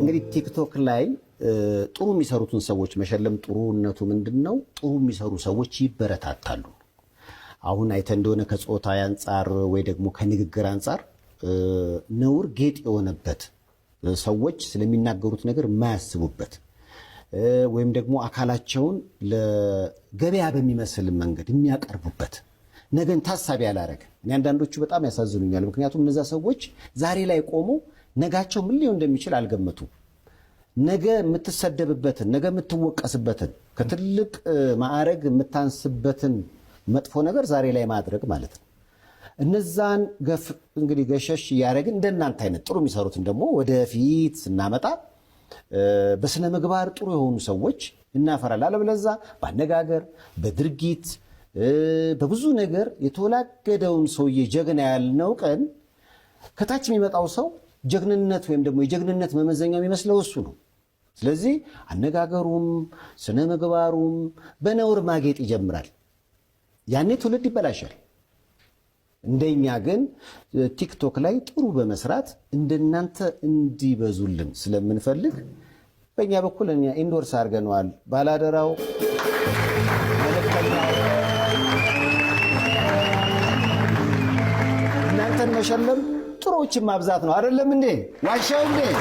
እንግዲህ ቲክቶክ ላይ ጥሩ የሚሰሩትን ሰዎች መሸለም ጥሩነቱ ምንድን ነው? ጥሩ የሚሰሩ ሰዎች ይበረታታሉ። አሁን አይተ እንደሆነ ከጾታ አንጻር ወይ ደግሞ ከንግግር አንጻር ነውር ጌጥ የሆነበት ሰዎች ስለሚናገሩት ነገር የማያስቡበት ወይም ደግሞ አካላቸውን ለገበያ በሚመስል መንገድ የሚያቀርቡበት ነገን ታሳቢ ያላረግ እኔ አንዳንዶቹ በጣም ያሳዝኑኛል። ምክንያቱም እነዛ ሰዎች ዛሬ ላይ ቆመው ነጋቸው ምን ሊሆን እንደሚችል አልገመቱም። ነገ የምትሰደብበትን፣ ነገ የምትወቀስበትን፣ ከትልቅ ማዕረግ የምታንስበትን መጥፎ ነገር ዛሬ ላይ ማድረግ ማለት ነው። እነዛን ገፍ እንግዲህ ገሸሽ እያደረግን እንደናንተ አይነት ጥሩ የሚሰሩትን ደግሞ ወደፊት ስናመጣ በስነ ምግባር ጥሩ የሆኑ ሰዎች እናፈራል። አለበለዛ በአነጋገር በድርጊት በብዙ ነገር የተወላገደውን ሰውዬ ጀግና ያልነው ቀን ከታች የሚመጣው ሰው ጀግንነት ወይም ደግሞ የጀግንነት መመዘኛ የሚመስለው እሱ ነው። ስለዚህ አነጋገሩም ስነ ምግባሩም በነውር ማጌጥ ይጀምራል። ያኔ ትውልድ ይበላሻል። እንደኛ ግን ቲክቶክ ላይ ጥሩ በመስራት እንደናንተ እንዲበዙልን ስለምንፈልግ በእኛ በኩል እኛ ኢንዶርስ አድርገነዋል። ባላደራው እናንተን መሸለም ጥሮችን ማብዛት ነው። አይደለም እንዴ? ዋሻው እንዴ?